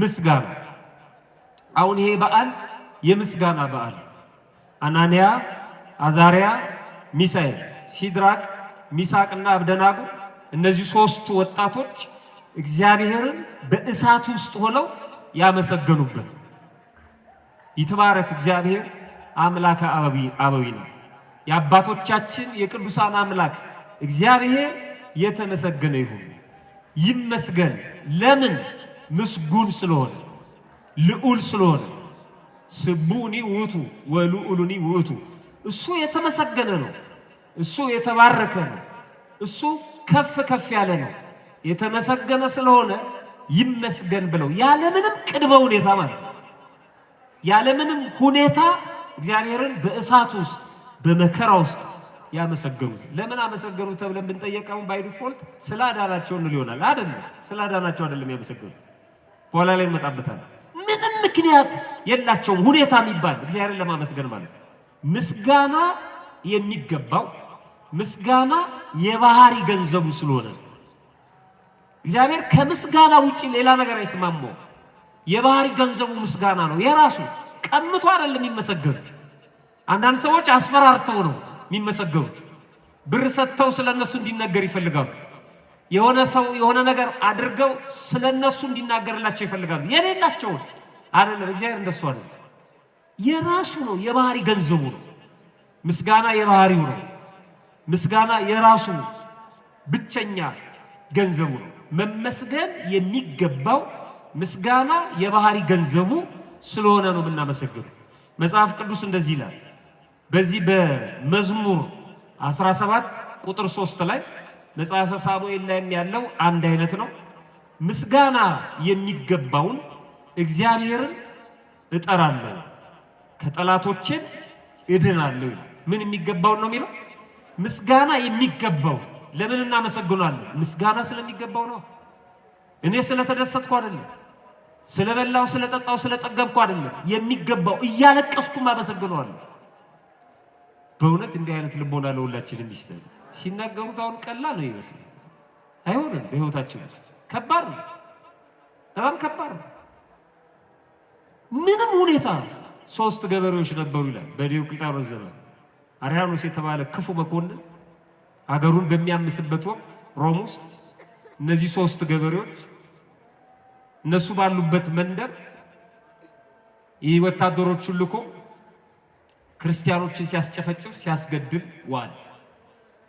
ምስጋና አሁን ይሄ በዓል የምስጋና በዓል አናንያ፣ አዛሪያ፣ ሚሳኤል፣ ሲድራቅ፣ ሚሳቅና አብደናጎ እነዚህ ሶስቱ ወጣቶች እግዚአብሔርን በእሳት ውስጥ ሆነው ያመሰገኑበት ይትባረክ እግዚአብሔር አምላከ አበዊ ነው። የአባቶቻችን የቅዱሳን አምላክ እግዚአብሔር የተመሰገነ ይሁን፣ ይመስገን። ለምን ምስጉን ስለሆነ ልዑል ስለሆነ ስቡኒ ውእቱ ወልዑሉኒ ውእቱ እሱ የተመሰገነ ነው። እሱ የተባረከ ነው። እሱ ከፍ ከፍ ያለ ነው። የተመሰገነ ስለሆነ ይመስገን ብለው ያለምንም ቅድመ ሁኔታ ማለት ነው። ያለምንም ሁኔታ እግዚአብሔርን በእሳት ውስጥ በመከራ ውስጥ ያመሰገኑት ለምን አመሰገኑት ተብለን ብንጠየቀው ባይ ዲፎልት ስላዳናቸው ነው ሊሆናል። አይደለም ስላዳናቸው አይደለም ያመሰገኑት ኋላ ላይ እንመጣበታል። ምንም ምክንያት የላቸውም ሁኔታ የሚባል እግዚአብሔርን ለማመስገን ማለት ነው። ምስጋና የሚገባው ምስጋና የባህሪ ገንዘቡ ስለሆነ እግዚአብሔር ከምስጋና ውጭ ሌላ ነገር አይስማማው። የባህሪ ገንዘቡ ምስጋና ነው። የራሱ ቀምቶ አይደለም የሚመሰገኑ። አንዳንድ ሰዎች አስፈራርተው ነው የሚመሰገኑት። ብር ሰጥተው ስለ እነሱ እንዲነገር ይፈልጋሉ። የሆነ ሰው የሆነ ነገር አድርገው ስለ እነሱ እንዲናገርላቸው ይፈልጋሉ። የሌላቸውን አይደለም። እግዚአብሔር እንደሱ አይደለም። የራሱ ነው፣ የባህሪ ገንዘቡ ነው። ምስጋና የባህሪው ነው። ምስጋና የራሱ ብቸኛ ገንዘቡ ነው። መመስገን የሚገባው ምስጋና የባህሪ ገንዘቡ ስለሆነ ነው የምናመሰግነው። መጽሐፍ ቅዱስ እንደዚህ ይላል በዚህ በመዝሙር 17 ቁጥር 3 ላይ መጽሐፈ ሳሙኤል ላይም ያለው አንድ አይነት ነው። ምስጋና የሚገባውን እግዚአብሔርን እጠራለሁ ከጠላቶቼም እድናለሁ ምን የሚገባውን ነው የሚለው? ምስጋና የሚገባው ለምን እናመሰግናለን? ምስጋና ስለሚገባው ነው። እኔ ስለተደሰትኩ አይደለም፣ ስለበላው፣ ስለጠጣው፣ ስለጠገብኩ አይደለም። የሚገባው እያለቀስኩም አመሰግነዋለሁ። በእውነት እንዲህ አይነት ልቦና ለሁላችንም ይስጠን። ሲናገሩት አሁን ቀላል ነው ይመስል አይሆንም። በህይወታችን ውስጥ ከባድ ነው፣ በጣም ከባድ ነው። ምንም ሁኔታ ሶስት ገበሬዎች ነበሩ ይላል በዲዮቅልጥያኖስ ዘመን አርያኖስ የተባለ ክፉ መኮንን አገሩን በሚያምስበት ወቅት ሮም ውስጥ እነዚህ ሶስት ገበሬዎች እነሱ ባሉበት መንደር ይህ ወታደሮቹን ልኮ ክርስቲያኖችን ሲያስጨፈጭፍ ሲያስገድል ዋል።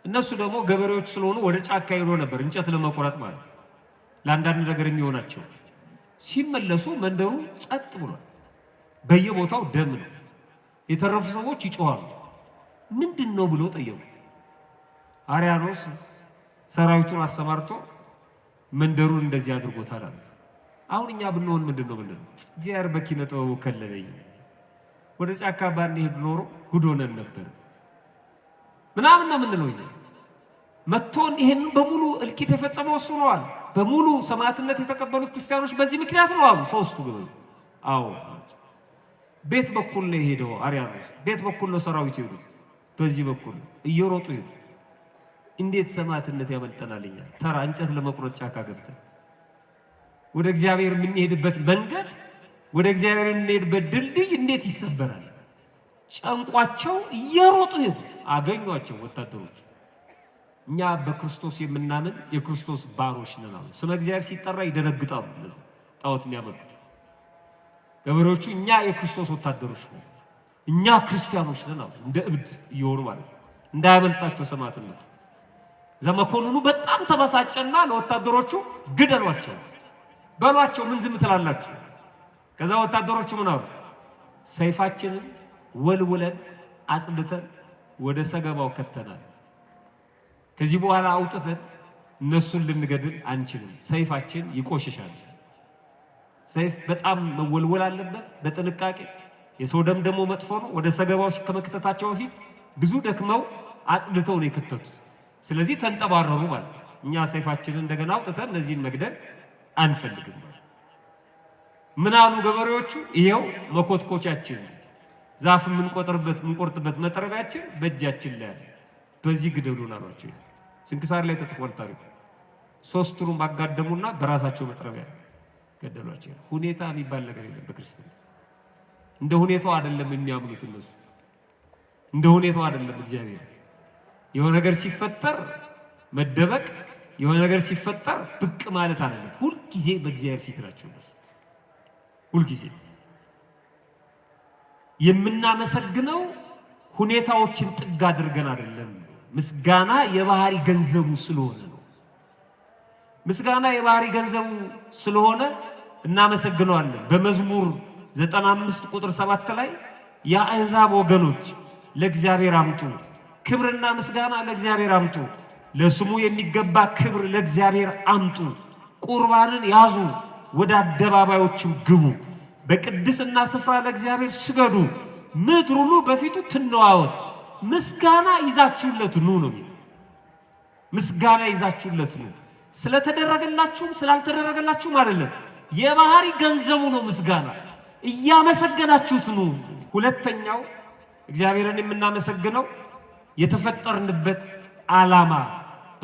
እነሱ ደግሞ ገበሬዎች ስለሆኑ ወደ ጫካ ይሮ ነበር እንጨት ለመቆረጥ ማለት ነው፣ ለአንዳንድ ነገር የሚሆናቸው። ሲመለሱ መንደሩ ጸጥ ብሏል። በየቦታው ደም ነው። የተረፉ ሰዎች ይጮኋሉ። ምንድን ነው ብሎ ጠየቁ። አርያኖስ ሰራዊቱን አሰማርቶ መንደሩን እንደዚህ አድርጎታል አለ። አሁን እኛ ብንሆን ምንድን ነው ብንል እግዚአብሔር በኪነ ጥበቡ ከለለኝ፣ ወደ ጫካ ባንሄድ ኖሮ ጉዶነን ነበር ምናምን ነው የምንለው እኛ መጥቶን ይህን በሙሉ እልቂት የፈጸመው እሱ ነው በሙሉ ሰማዕትነት የተቀበሉት ክርስቲያኖች በዚህ ምክንያት ነው አሉ ሶስቱ ግበዝ። አዎ ቤት በኩል ነው የሄደው አርያ ቤት በኩል ነው ሰራዊት የሄዱት፣ በዚህ በኩል እየሮጡ ሄዱ። እንዴት ሰማዕትነት ያመልጠናል? እኛ ተራ እንጨት ለመቁረጥ ጫካ ገብተን ወደ እግዚአብሔር የምንሄድበት መንገድ ወደ እግዚአብሔር የምንሄድበት ድልድይ እንዴት ይሰበራል? ጨንቋቸው እየሮጡ ሄዱ። አገኟቸው ወታደሮች እኛ በክርስቶስ የምናምን የክርስቶስ ባሮች ነን አሉ። ስመ እግዚአብሔር ሲጠራ ይደነግጣሉ። እነዚህ ጣዖት የሚያመልኩት ገበሬዎቹ እኛ የክርስቶስ ወታደሮች ነን፣ እኛ ክርስቲያኖች ነን አሉ። እንደ እብድ እየሆኑ ማለት ነው። እንዳያመልጣቸው ሰማዕትነቱ። ዘመኮንኑ በጣም ተበሳጨና ለወታደሮቹ ግደሏቸው በሏቸው፣ ምን ዝም ትላላችሁ? ከዛ ወታደሮቹ ምን አሉ? ሰይፋችንን ወልውለን አጽድተን ወደ ሰገባው ከተናል ከዚህ በኋላ አውጥተን እነሱን ልንገድል አንችልም። ሰይፋችን ይቆሽሻል። ሰይፍ በጣም መወልወል አለበት በጥንቃቄ። የሰው ደም ደግሞ መጥፎ ነው። ወደ ሰገባዎች ከመክተታቸው በፊት ብዙ ደክመው አጽድተው ነው የከተቱት። ስለዚህ ተንጠባረሩ ማለት ነው። እኛ ሰይፋችንን እንደገና አውጥተን እነዚህን መግደል አንፈልግም። ምን አሉ ገበሬዎቹ? ይሄው መኮትኮቻችን፣ ዛፍ የምንቆጥርበት የምንቆርጥበት መጠረቢያችን በእጃችን ላይ በዚህ ግደሉን አሏቸው። ስንክሳር ላይ ተጽፏል ታሪኩ። ሶስቱንም አጋደሙና በራሳቸው መጥረቢያ ገደሏቸው። ሁኔታ የሚባል ነገር የለም በክርስትና እንደ ሁኔታው አይደለም የሚያምኑት እነሱ እንደ ሁኔታው አይደለም እግዚአብሔር። የሆነ ነገር ሲፈጠር መደበቅ፣ የሆነ ነገር ሲፈጠር ብቅ ማለት አይደለም። ሁልጊዜ በእግዚአብሔር ፊት ናቸው እነሱ። ሁልጊዜ የምናመሰግነው ሁኔታዎችን ጥግ አድርገን አይደለም። ምስጋና የባህሪ ገንዘቡ ስለሆነ ነው። ምስጋና የባህሪ ገንዘቡ ስለሆነ እናመሰግነዋለን። በመዝሙር 95 ቁጥር 7 ላይ የአሕዛብ ወገኖች ለእግዚአብሔር አምጡ፣ ክብርና ምስጋና ለእግዚአብሔር አምጡ፣ ለስሙ የሚገባ ክብር ለእግዚአብሔር አምጡ፣ ቁርባንን ያዙ፣ ወደ አደባባዮችም ግቡ፣ በቅድስና ስፍራ ለእግዚአብሔር ስገዱ፣ ምድር ሁሉ በፊቱ ትነዋወጥ። ምስጋና ይዛችሁለት ኑ ነው ምስጋና ይዛችሁለት ኑ። ስለተደረገላችሁም ስላልተደረገላችሁም አይደለም፣ የባህሪ ገንዘቡ ነው ምስጋና። እያመሰገናችሁት ኑ። ሁለተኛው እግዚአብሔርን የምናመሰግነው የተፈጠርንበት ዓላማ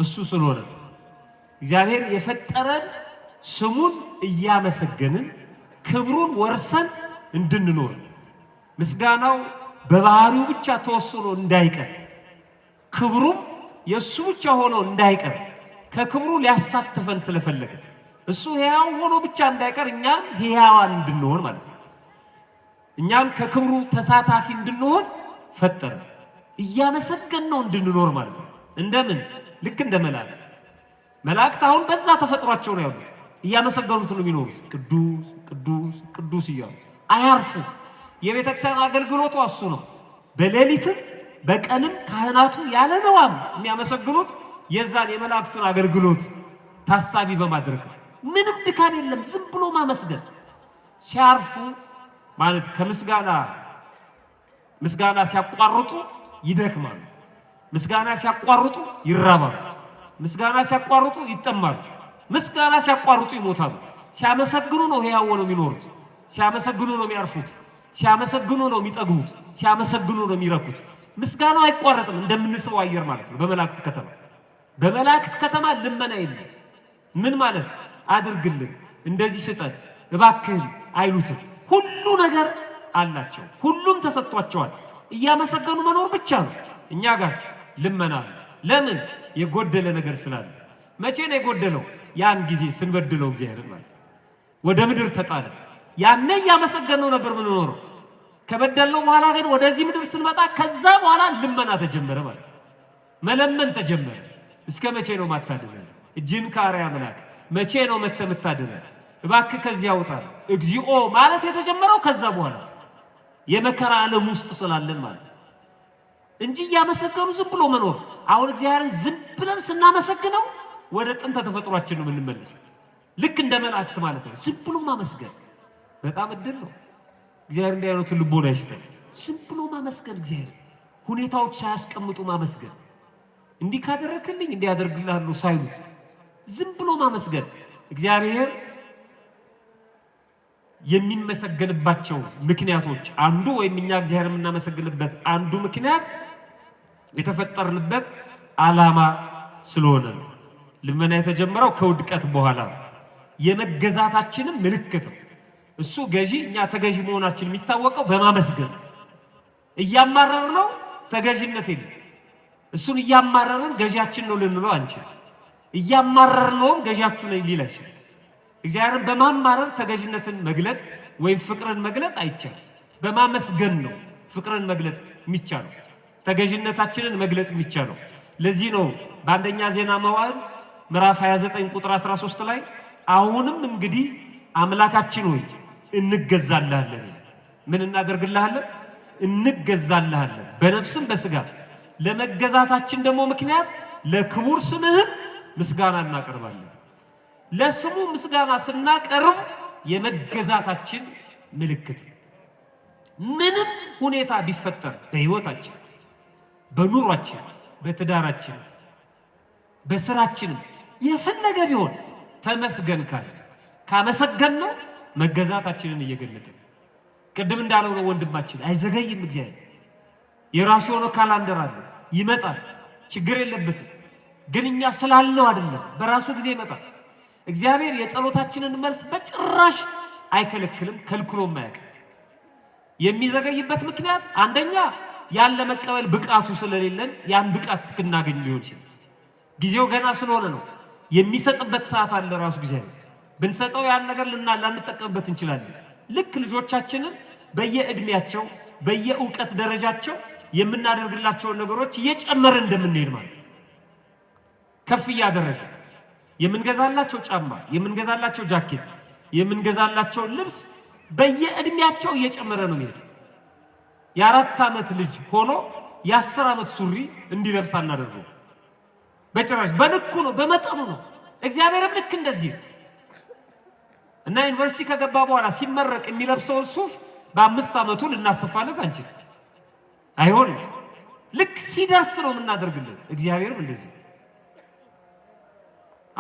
እሱ ስለሆነ እግዚአብሔር የፈጠረን ስሙን እያመሰገንን ክብሩን ወርሰን እንድንኖር ምስጋናው በባህሪው ብቻ ተወስኖ እንዳይቀር ክብሩም የእሱ ብቻ ሆኖ እንዳይቀር ከክብሩ ሊያሳትፈን ስለፈለገ እሱ ሕያው ሆኖ ብቻ እንዳይቀር እኛም ሕያዋን እንድንሆን ማለት ነው። እኛም ከክብሩ ተሳታፊ እንድንሆን ፈጠረ። እያመሰገን ነው እንድንኖር ማለት ነው። እንደምን ልክ እንደ መላእክት መላእክት አሁን በዛ ተፈጥሯቸው ነው ያሉት። እያመሰገኑት ነው የሚኖሩት። ቅዱስ ቅዱስ ቅዱስ እያሉ አያርፉ የቤተክርስቲያን አገልግሎቱ እሱ ነው። በሌሊትም በቀንም ካህናቱ ያለ ነዋም የሚያመሰግኑት የዛን የመላእክቱን አገልግሎት ታሳቢ በማድረግ ምንም ድካም የለም። ዝም ብሎ ማመስገን ሲያርፉ ማለት ከምስጋና ምስጋና ሲያቋርጡ ይደክማሉ። ምስጋና ሲያቋርጡ ይራባሉ። ምስጋና ሲያቋርጡ ይጠማሉ። ምስጋና ሲያቋርጡ ይሞታሉ። ሲያመሰግኑ ነው ሕያው ነው የሚኖሩት። ሲያመሰግኑ ነው የሚያርፉት። ሲያመሰግኑ ነው የሚጠግቡት፣ ሲያመሰግኑ ነው የሚረኩት። ምስጋናው አይቋረጥም እንደምንስበው አየር ማለት ነው። በመላእክት ከተማ በመላእክት ከተማ ልመና የለም። ምን ማለት አድርግልን፣ እንደዚህ ስጠት፣ እባክህን አይሉትም። ሁሉ ነገር አላቸው። ሁሉም ተሰጥቷቸዋል። እያመሰገኑ መኖር ብቻ ነው። እኛ ጋር ልመና ለምን የጎደለ ነገር ስላለ። መቼ ነው የጎደለው? ያን ጊዜ ስንበድለው እግዚአብሔር ማለት ወደ ምድር ተጣለ። ያነ እያመሰገነው ነበር ምንኖረው። ከበደልነው በኋላ ግን ወደዚህ ምድር ስንመጣ ከዛ በኋላ ልመና ተጀመረ ማለት መለመን ተጀመረ። እስከ መቼ ነው ማታደለ እጅን ካሪያ መላክ መቼ ነው መተ ምታድነን? እባክህ ከዚህ አውጣ እግዚኦ ማለት የተጀመረው ከዛ በኋላ የመከራ ዓለም ውስጥ ስላለን ማለት እንጂ እያመሰገኑ ዝም ብሎ መኖር። አሁን እግዚአብሔርን ዝም ብለን ስናመሰግነው ወደ ጥንተ ተፈጥሯችን ነው የምንመለስ። ልክ እንደ መላእክት ማለት ነው። ዝም ብሎ ማመስገን በጣም እድል ነው። እግዚአብሔር እንዲህ አይነቱን ልቦና ይስጠን። ዝም ብሎ ማመስገን እግዚአብሔር ሁኔታዎች ሳያስቀምጡ ማመስገን እንዲህ ካደረክልኝ እንዲህ ሳይሉት ዝም ብሎ ማመስገን እግዚአብሔር የሚመሰገንባቸው ምክንያቶች አንዱ ወይም እኛ እግዚአብሔር የምናመሰግንበት አንዱ ምክንያት የተፈጠርንበት ዓላማ ስለሆነ ልመና የተጀመረው ከውድቀት በኋላ የመገዛታችንም ምልክት ነው። እሱ ገዢ፣ እኛ ተገዢ መሆናችን የሚታወቀው በማመስገን እያማረር ነው። ተገዥነት የለም። እሱን እያማረርን ገዢያችን ነው ልንለው አንችል። እያማረር ነውም ገዢያችሁ ነ ሊል አይችል። እግዚአብሔርን በማማረር ተገዥነትን መግለጥ ወይም ፍቅርን መግለጥ አይቻልም። በማመስገን ነው ፍቅርን መግለጥ የሚቻለው፣ ተገዥነታችንን መግለጥ የሚቻለው። ለዚህ ነው በአንደኛ ዜና መዋዕል ምዕራፍ 29 ቁጥር 13 ላይ አሁንም እንግዲህ አምላካችን ሆይ እንገዛልሃለን። ምን እናደርግልሃለን? እንገዛልሃለን። በነፍስም በስጋ ለመገዛታችን ደግሞ ምክንያት ለክቡር ስምህ ምስጋና እናቀርባለን። ለስሙ ምስጋና ስናቀርብ የመገዛታችን ምልክት ምንም ሁኔታ ቢፈጠር በህይወታችን፣ በኑሯችን፣ በትዳራችን፣ በስራችን የፈለገ ቢሆን ተመስገን ካለ ካመሰገን ነው መገዛታችንን እየገለጥን ቅድም እንዳለው ነው ወንድማችን አይዘገይም። እግዚአብሔር የራሱ የሆነ ካላንደር አለ፣ ይመጣል፣ ችግር የለበትም። ግን እኛ ስላለው አይደለም፣ በራሱ ጊዜ ይመጣል። እግዚአብሔር የጸሎታችንን መልስ በጭራሽ አይከለክልም፣ ከልክሎም አያውቅም። የሚዘገይበት ምክንያት አንደኛ ያን ለመቀበል ብቃቱ ስለሌለን ያን ብቃት እስክናገኝ ሊሆን ይችላል። ጊዜው ገና ስለሆነ ነው። የሚሰጥበት ሰዓት አለ ራሱ ነው ብንሰጠው ያን ነገር ልና ላንጠቀምበት እንችላለን። ልክ ልጆቻችንን በየእድሜያቸው በየእውቀት ደረጃቸው የምናደርግላቸውን ነገሮች እየጨመረ እንደምንሄድ ማለት ነው። ከፍ እያደረገ የምንገዛላቸው ጫማ፣ የምንገዛላቸው ጃኬት፣ የምንገዛላቸው ልብስ በየእድሜያቸው እየጨመረ ነው የሚሄድ። የአራት ዓመት ልጅ ሆኖ የአስር ዓመት ሱሪ እንዲለብስ አናደርገው በጭራሽ። በልኩ ነው፣ በመጠኑ ነው። እግዚአብሔርም ልክ እንደዚህ እና ዩኒቨርሲቲ ከገባ በኋላ ሲመረቅ የሚለብሰውን ሱፍ በአምስት ዓመቱ ልናሰፋለት አንችል አይሆን ልክ ሲደርስ ነው የምናደርግልን። እግዚአብሔርም እንደዚህ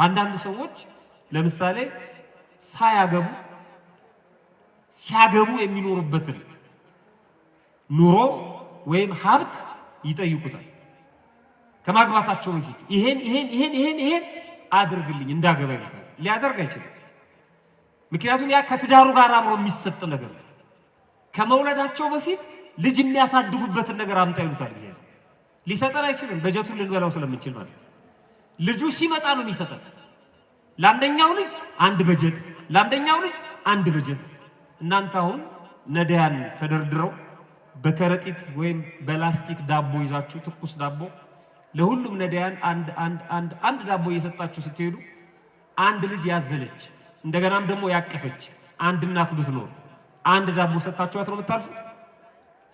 አንዳንድ ሰዎች ለምሳሌ ሳያገቡ ሲያገቡ የሚኖሩበትን ኑሮ ወይም ሀብት ይጠይቁታል። ከማግባታቸው በፊት ይሄን ይሄን ይሄን ይሄን ይሄን አድርግልኝ እንዳገባ ይሉታል። ሊያደርግ አይችልም። ምክንያቱም ያ ከትዳሩ ጋር አብሮ የሚሰጥ ነገር ከመውለዳቸው በፊት ልጅ የሚያሳድጉበትን ነገር አምጣ ይሉታል። ጊዜ ሊሰጠን አይችልም፣ በጀቱን ልንበላው ስለምንችል ማለት ልጁ ሲመጣ ነው የሚሰጠን። ለአንደኛው ልጅ አንድ በጀት፣ ለአንደኛው ልጅ አንድ በጀት። እናንተ አሁን ነዳያን ተደርድረው በከረጢት ወይም በላስቲክ ዳቦ ይዛችሁ ትኩስ ዳቦ ለሁሉም ነዳያን አንድ አንድ አንድ አንድ ዳቦ እየሰጣችሁ ስትሄዱ አንድ ልጅ ያዘለች እንደገናም ደግሞ ያቀፈች አንድ እናት ብትኖር አንድ ዳቦ ሰጣችኋት ነው የምታልፉት?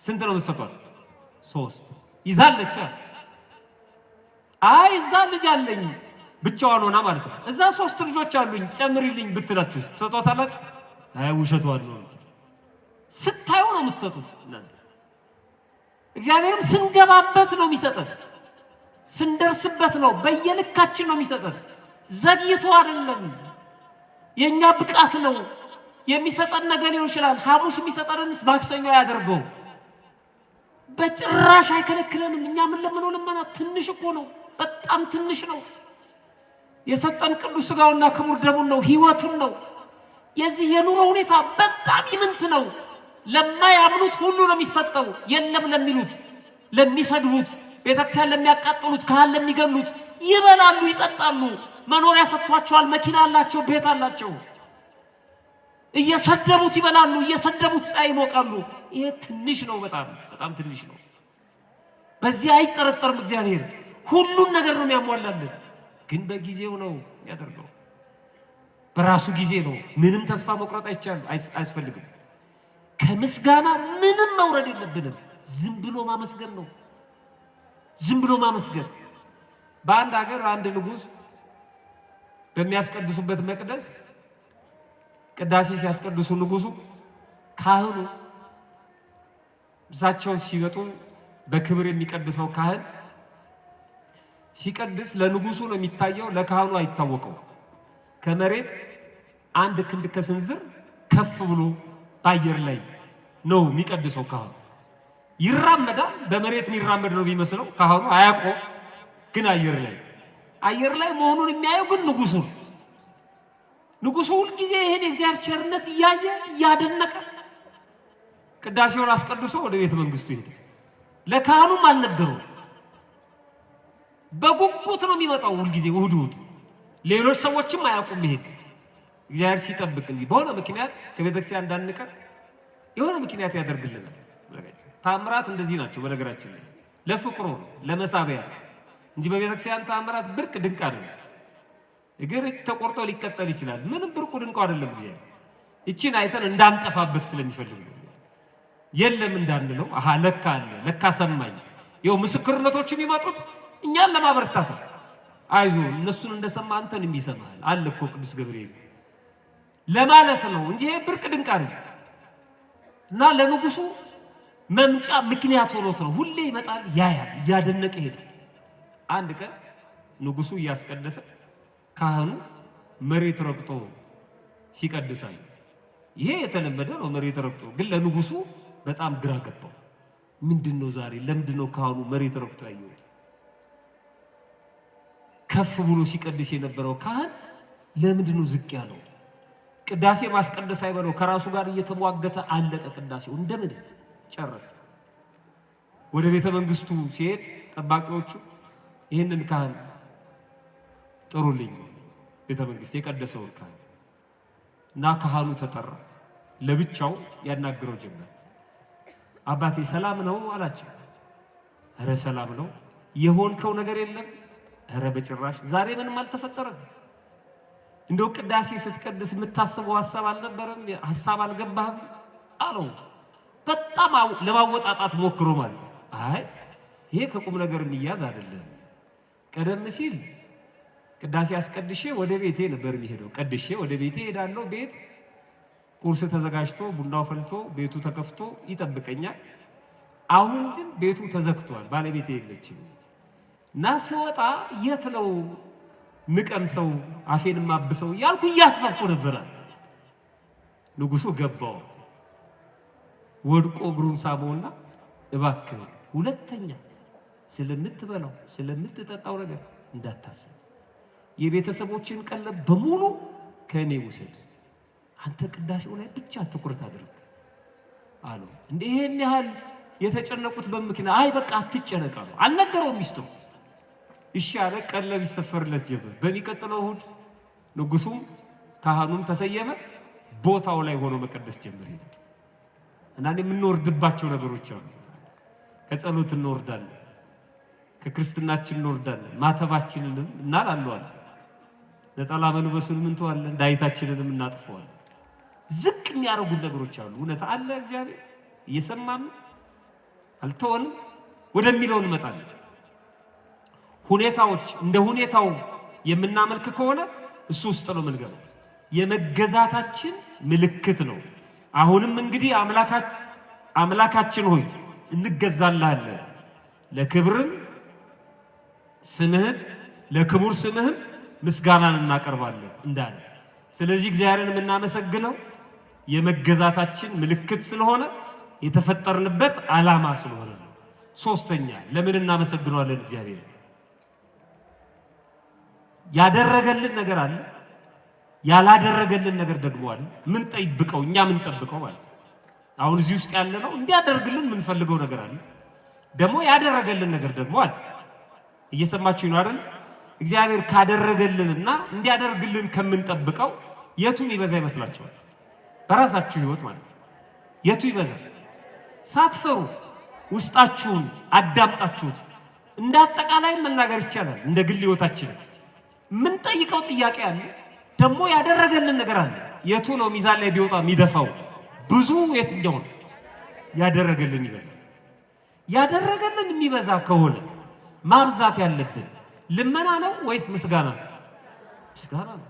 ስንት ነው የምትሰጧት? ሶስት ይዛለች። አይ እዛ ልጅ አለኝ ብቻዋን ሆና ማለት ነው። እዛ ሶስት ልጆች አሉኝ ጨምሪልኝ ብትላችሁ ትሰጧታላችሁ? አይ ውሸቷ ነው። ስታዩ ነው የምትሰጡት እናንተ። እግዚአብሔርም ስንገባበት ነው የሚሰጠን፣ ስንደርስበት ነው በየልካችን ነው የሚሰጠት ዘግይቶ አይደለም። የእኛ ብቃት ነው የሚሰጠን ነገር ሊሆን ይችላል። ሐሙስ የሚሰጠንን ማክሰኞ ያደርገው በጭራሽ አይከለክለንም። እኛ ምን ለምነው ልመና ትንሽ እኮ ነው፣ በጣም ትንሽ ነው። የሰጠን ቅዱስ ሥጋውና ክቡር ደሙን ነው፣ ሕይወቱን ነው። የዚህ የኑሮ ሁኔታ በጣም ይምንት ነው። ለማያምኑት ሁሉ ነው የሚሰጠው። የለም ለሚሉት፣ ለሚሰድቡት፣ ቤተክርስቲያን ለሚያቃጥሉት፣ ካህን ለሚገሉት ይበላሉ፣ ይጠጣሉ። መኖሪያ ሰጥቷቸዋል፣ መኪና አላቸው፣ ቤት አላቸው። እየሰደቡት ይበላሉ፣ እየሰደቡት ፀሐይ ይሞቃሉ። ይሄ ትንሽ ነው፣ በጣም በጣም ትንሽ ነው። በዚህ አይጠረጠርም። እግዚአብሔር ሁሉን ነገር ነው የሚያሟላልን፣ ግን በጊዜው ነው የሚያደርገው። በራሱ ጊዜ ነው። ምንም ተስፋ መቁረጥ አይቻልም፣ አያስፈልግም። ከምስጋና ምንም መውረድ የለብንም። ዝም ብሎ ማመስገን ነው። ዝም ብሎ ማመስገን። በአንድ ሀገር አንድ ንጉሥ በሚያስቀድሱበት መቅደስ ቅዳሴ ሲያስቀድሱ ንጉሱ ካህኑ እሳቸው ሲወጡ በክብር የሚቀድሰው ካህን ሲቀድስ ለንጉሱ ነው የሚታየው፣ ለካህኑ አይታወቀው። ከመሬት አንድ ክንድ ከስንዝር ከፍ ብሎ በአየር ላይ ነው የሚቀድሰው ካህኑ። ይራመዳል፣ በመሬት የሚራመድ ነው የሚመስለው ካህኑ አያውቀው፣ ግን አየር ላይ አየር ላይ መሆኑን የሚያየው ግን ንጉሱ ነው። ንጉሱ ሁልጊዜ ይህን የእግዚአብሔር ቸርነት እያየ እያደነቀ ቅዳሴውን አስቀድሶ ወደ ቤተ መንግስቱ ይሄዳል። ለካህኑም አልነገረው። በጉጉት ነው የሚመጣው ሁልጊዜ እሑድ እሑድ። ሌሎች ሰዎችም አያውቁም። ይሄድ እግዚአብሔር ሲጠብቅ እንጂ በሆነ ምክንያት ከቤተክርስቲያን እንዳንቀር የሆነ ምክንያት ያደርግልናል። ታምራት እንደዚህ ናቸው። በነገራችን ላይ ለፍቅሩ ለመሳቢያ እንጂ በቤተክርስቲያን ተአምራት ብርቅ ድንቅ አይደለም። እግር ተቆርጦ ሊቀጠል ይችላል። ምንም ብርቁ ድንቁ አይደለም። ጊዜ እቺን አይተን እንዳንጠፋበት ስለሚፈልግ የለም የለም እንዳንለው፣ አሃ ለካ አለ፣ ለካ ሰማኝ። ይኸው ምስክርነቶቹ የሚመጡት እኛን ለማበረታት ነው። አይዞ እነሱን እንደሰማ አንተን የሚሰማል አለ እኮ ቅዱስ ገብርኤል ለማለት ነው እንጂ ይሄ ብርቅ ድንቅ አይደለም። እና ለንጉሱ መምጫ ምክንያት ሆኖት ነው። ሁሌ ይመጣል፣ ያያል፣ እያደነቀ ይሄዳል። አንድ ቀን ንጉሱ እያስቀደሰ ካህኑ መሬት ረግጦ ሲቀድሳይ ይሄ የተለመደ ነው። መሬት ረግጦ ግን ለንጉሱ በጣም ግራ ገባው። ምንድን ነው ዛሬ ለምንድን ነው ካህኑ መሬት ረግጦ ያየሁት? ከፍ ብሎ ሲቀድስ የነበረው ካህን ለምንድን ነው ዝቅ ያለው? ቅዳሴ ማስቀደስ አይበለው ከራሱ ጋር እየተሟገተ አለቀ። ቅዳሴው እንደምን ጨረሰ። ወደ ቤተ መንግስቱ ሲሄድ ጠባቂዎቹ ይህንን ካህን ጥሩልኝ፣ ቤተ መንግስት የቀደሰውን ካህን እና ካህኑ ተጠራ። ለብቻው ያናግረው ጀመር። አባቴ ሰላም ነው አላቸው። እረ ሰላም ነው የሆንከው ነገር የለም? እረ በጭራሽ ዛሬ ምንም አልተፈጠረም። እንደው ቅዳሴ ስትቀድስ የምታስበው ሀሳብ አልነበረም? ሀሳብ አልገባህም አለው። በጣም ለማወጣጣት ሞክሮ ማለት አይ ይሄ ከቁም ነገር የሚያዝ አይደለም ቀደም ሲል ቅዳሴ አስቀድሼ ወደ ቤቴ ነበር የሚሄደው። ቀድሼ ወደ ቤቴ ሄዳለሁ። ቤት ቁርስ ተዘጋጅቶ ቡናው ፈልቶ ቤቱ ተከፍቶ ይጠብቀኛል። አሁን ግን ቤቱ ተዘግቷል፣ ባለቤቴ የለችም እና ስወጣ የት ነው ምቀምሰው አፌን ማብሰው እያልኩ እያሰብኩ ነበረ። ንጉሱ ገባው ወድቆ እግሩን ሳመውና እባክህ ሁለተኛ ስለምትበላው ስለምትጠጣው ነገር እንዳታስብ። የቤተሰቦችን ቀለብ በሙሉ ከእኔ ውሰድ፣ አንተ ቅዳሴው ላይ ብቻ ትኩረት አድርግ አሉ። እንደ ይሄን ያህል የተጨነቁት በምክንያት አይ በቃ አትጨነቅ አሉ። አልነገረው ሚስጥሩ። እሺ አለ። ቀለብ ይሰፈርለት ጀመር። በሚቀጥለው እሑድ ንጉሱም ካህኑም ተሰየመ። ቦታው ላይ ሆኖ መቀደስ ጀመር። ሄደ እና የምንወርድባቸው ነገሮች አሉ። ከጸሎት እንወርዳለን ከክርስትናችን እንወርዳለን። ማተባችንንም እናላለዋለን። ነጠላ መልበሱንም እንተዋለን። ዳይታችንንም እናጥፈዋለን። ዝቅ የሚያደርጉን ነገሮች አሉ። እውነት አለ እግዚአብሔር እየሰማን አልተወንም ወደሚለው እንመጣለን። ሁኔታዎች እንደ ሁኔታው የምናመልክ ከሆነ እሱ ውስጥ ነው የምንገባው። የመገዛታችን ምልክት ነው። አሁንም እንግዲህ አምላካችን ሆይ እንገዛልሃለን ለክብርም ስምህን ለክቡር ስምህም ምስጋናን እናቀርባለን እንዳለ። ስለዚህ እግዚአብሔርን የምናመሰግነው የመገዛታችን ምልክት ስለሆነ የተፈጠርንበት ዓላማ ስለሆነ ነው። ሶስተኛ ለምን እናመሰግነዋለን? እግዚአብሔር ያደረገልን ነገር አለ፣ ያላደረገልን ነገር ደግሞ አለ። ምን ጠይብቀው እኛ ምን ጠብቀው ማለት አሁን እዚህ ውስጥ ያለ እንዲያደርግልን የምንፈልገው ነገር አለ፣ ደግሞ ያደረገልን ነገር ደግሞ አለ። እየሰማችሁ ነው አይደል? እግዚአብሔር ካደረገልንና እንዲያደርግልን ከምንጠብቀው የቱ ይበዛ ይመስላችኋል? በራሳችሁ ህይወት ማለት ነው። የቱ ይበዛ? ሳትፈሩ ውስጣችሁን አዳምጣችሁት እንደ አጠቃላይ መናገር ይቻላል። እንደ ግል ህይወታችን ምን ጠይቀው ጥያቄ አለ፣ ደግሞ ያደረገልን ነገር አለ። የቱ ነው ሚዛን ላይ ቢወጣ የሚደፋው? ብዙ የትኛው ነው? ያደረገልን ይበዛል። ያደረገልን የሚበዛ ከሆነ ማብዛት ያለብን ልመና ነው ወይስ ምስጋና ነው? ምስጋና ነው።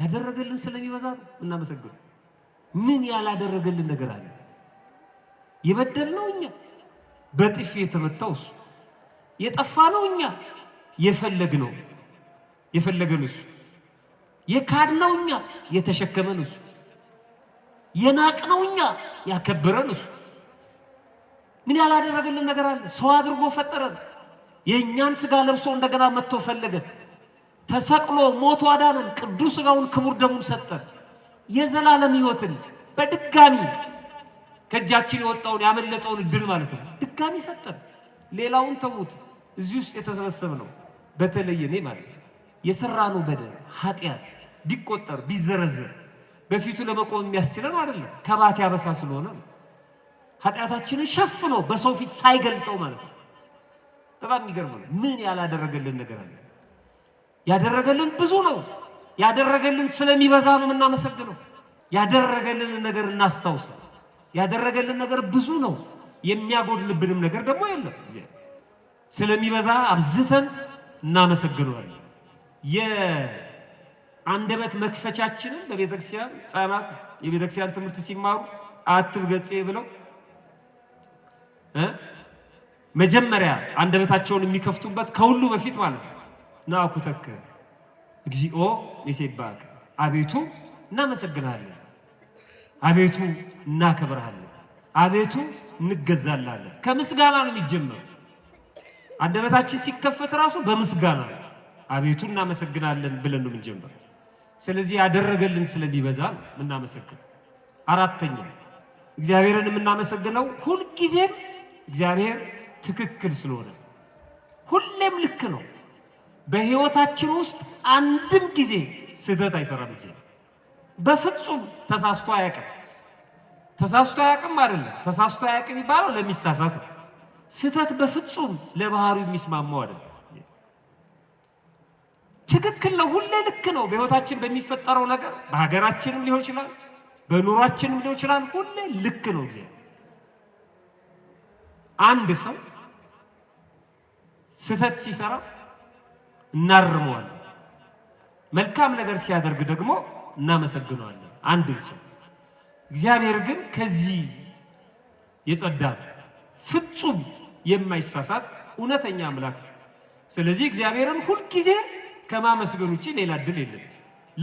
ያደረገልን ስለሚበዛ ነው እናመሰግነው። ምን ያላደረገልን ነገር አለ? ነው እኛ፣ በጥፊ የተመታው እሱ፣ ነው እኛ፣ ነው የፈለገን እሱ፣ ነው እኛ፣ የተሸከመን እሱ፣ ነው እኛ፣ ያከበረን እሱ። ምን ያላደረገልን ነገር አለ? ሰው አድርጎ ፈጠረን። የእኛን ስጋ ለብሶ እንደገና መጥቶ ፈለገ። ተሰቅሎ ሞቶ አዳነን። ቅዱስ ስጋውን ክቡር ደሙን ሰጠ። የዘላለም ህይወትን በድጋሚ ከእጃችን የወጣውን ያመለጠውን እድል ማለት ነው ድጋሚ ሰጠ። ሌላውን ተዉት። እዚህ ውስጥ ነው በተለየ እኔ ማለት ነው የሰራነው በደል ኃጢአት ቢቆጠር ቢዘረዘር በፊቱ ለመቆም የሚያስችለን አይደለም። ከባት ያበሳ ስለሆነ ኃጢአታችንን ሸፍኖ በሰው ፊት ሳይገልጠው ማለት ነው በጣም የሚገርም ነው። ምን ያላደረገልን ነገር አለ? ያደረገልን ብዙ ነው። ያደረገልን ስለሚበዛ ነው የምናመሰግነው። ያደረገልን ነገር እናስታውሰው። ያደረገልን ነገር ብዙ ነው። የሚያጎድልብንም ነገር ደግሞ የለም። ስለሚበዛ አብዝተን እናመሰግነዋለን። የአንደበት መክፈቻችንን በቤተክርስቲያን ሕፃናት የቤተክርስቲያን ትምህርት ሲማሩ አትብ ገጽ ብለው መጀመሪያ አንደበታቸውን የሚከፍቱበት ከሁሉ በፊት ማለት ነው። ናኩተክ እግዚኦ ሴባክ፣ አቤቱ እናመሰግናለን፣ አቤቱ እናከብርሃለን፣ አቤቱ እንገዛላለን። ከምስጋና ነው የሚጀመሩ። አንደበታችን ሲከፈት ራሱ በምስጋና አቤቱ እናመሰግናለን ብለን ነው የምንጀምር። ስለዚህ ያደረገልን ስለሚበዛ ነው የምናመሰግን። አራተኛ እግዚአብሔርን የምናመሰግነው ሁልጊዜም እግዚአብሔር ትክክል ስለሆነ ሁሌም ልክ ነው። በህይወታችን ውስጥ አንድም ጊዜ ስህተት አይሰራም። ጊዜ በፍጹም ተሳስቶ አያውቅም። ተሳስቶ አያውቅም አይደለም፣ ተሳስቶ አያውቅም ይባላል ለሚሳሳት ስህተት በፍጹም ለባህሪው የሚስማማው አይደለም። ትክክል ነው፣ ሁሌ ልክ ነው። በህይወታችን በሚፈጠረው ነገር በሀገራችንም ሊሆን ይችላል፣ በኑሯችንም ሊሆን ይችላል። ሁሌ ልክ ነው። ጊዜ አንድ ሰው ስህተት ሲሰራ እናርመዋለን። መልካም ነገር ሲያደርግ ደግሞ እናመሰግነዋለን። አንድን ሰው እግዚአብሔር ግን ከዚህ የጸዳ ፍጹም የማይሳሳት እውነተኛ አምላክ ነው። ስለዚህ እግዚአብሔርን ሁልጊዜ ከማመስገን ውጭ ሌላ እድል የለም።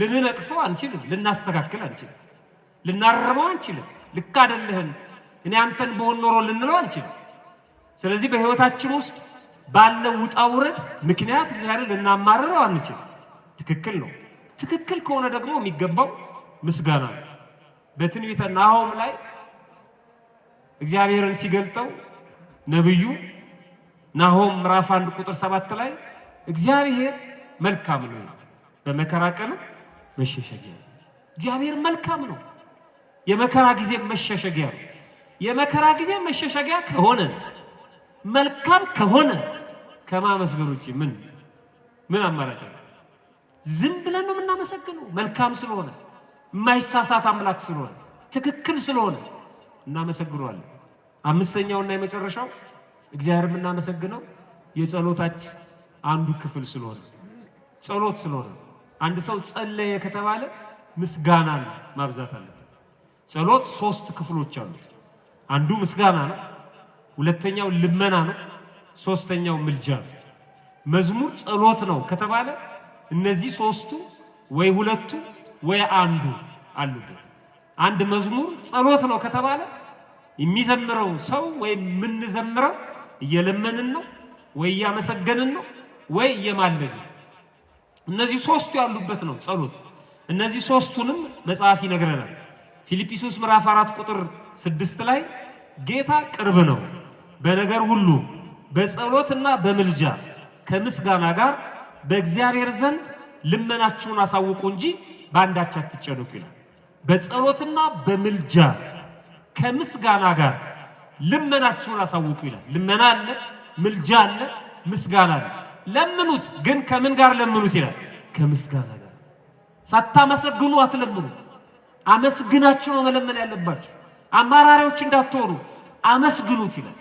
ልንነቅፈው አንችልም፣ ልናስተካክል አንችልም፣ ልናርመው አንችልም። ልካደልህን እኔ አንተን በሆን ኖሮ ልንለው አንችልም። ስለዚህ በህይወታችን ውስጥ ባለው ውጣ ውረድ ምክንያት እግዚአብሔር ልናማርረው አንችል። ትክክል ነው። ትክክል ከሆነ ደግሞ የሚገባው ምስጋና ነው። በትንቢተ ናሆም ላይ እግዚአብሔርን ሲገልጠው ነብዩ ናሆም ምዕራፍ አንድ ቁጥር ሰባት ላይ እግዚአብሔር መልካም ነው፣ በመከራ ቀን መሸሸጊያ ነው። እግዚአብሔር መልካም ነው፣ የመከራ ጊዜ መሸሸጊያ ነው። የመከራ ጊዜ መሸሸጊያ ከሆነ መልካም ከሆነ ከማመስገን ውጭ ምን ምን አማራጭ አለ? ዝም ብለን ነው የምናመሰግነው። መልካም ስለሆነ የማይሳሳት አምላክ ስለሆነ ትክክል ስለሆነ እናመሰግነዋለን። አምስተኛውና የመጨረሻው እግዚአብሔር የምናመሰግነው የጸሎታች አንዱ ክፍል ስለሆነ ጸሎት ስለሆነ አንድ ሰው ጸለየ ከተባለ ምስጋና ማብዛት አለበት። ጸሎት ሶስት ክፍሎች አሉት። አንዱ ምስጋና ነው። ሁለተኛው ልመና ነው። ሶስተኛው ምልጃ መዝሙር ጸሎት ነው ከተባለ እነዚህ ሶስቱ ወይ ሁለቱ ወይ አንዱ አሉበት። አንድ መዝሙር ጸሎት ነው ከተባለ የሚዘምረው ሰው ወይም የምንዘምረው እየለመንን ነው ወይ እያመሰገንን ነው ወይ እየማለድን እነዚህ ሶስቱ ያሉበት ነው ጸሎት። እነዚህ ሶስቱንም መጽሐፍ ይነግረናል። ፊልጵስዩስ ምዕራፍ አራት ቁጥር ስድስት ላይ ጌታ ቅርብ ነው በነገር ሁሉ በጸሎትና በምልጃ ከምስጋና ጋር በእግዚአብሔር ዘንድ ልመናችሁን አሳውቁ እንጂ በአንዳች አትጨነቁ ይላል። በጸሎትና በምልጃ ከምስጋና ጋር ልመናችሁን አሳውቁ ይላል። ልመና አለ፣ ምልጃ አለ፣ ምስጋና አለ። ለምኑት ግን ከምን ጋር ለምኑት ይላል? ከምስጋና ጋር። ሳታመሰግኑ አትለምኑ። አመስግናችሁ ነው መለመን ያለባችሁ። አማራሪዎች እንዳትሆኑ አመስግኑት ይላል።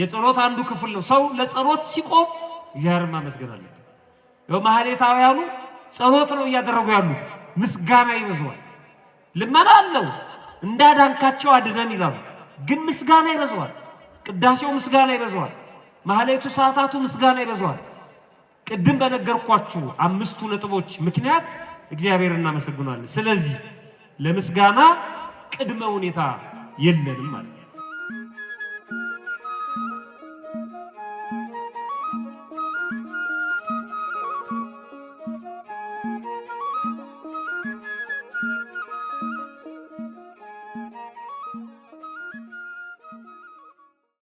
የጸሎት አንዱ ክፍል ነው። ሰው ለጸሎት ሲቆም እግዚአብሔርን ማመስገን አለ። ያው ማህሌታውያኑ ጸሎት ነው እያደረጉ ያሉት፣ ምስጋና ይበዛዋል። ልመና አለው እንዳዳንካቸው አድነን ይላሉ፣ ግን ምስጋና ይበዛዋል። ቅዳሴው ምስጋና ይበዛዋል። ማህሌቱ ሰዓታቱ ምስጋና ይበዛዋል። ቅድም በነገርኳችሁ አምስቱ ነጥቦች ምክንያት እግዚአብሔር እናመሰግናለን። ስለዚህ ለምስጋና ቅድመ ሁኔታ የለንም ማለት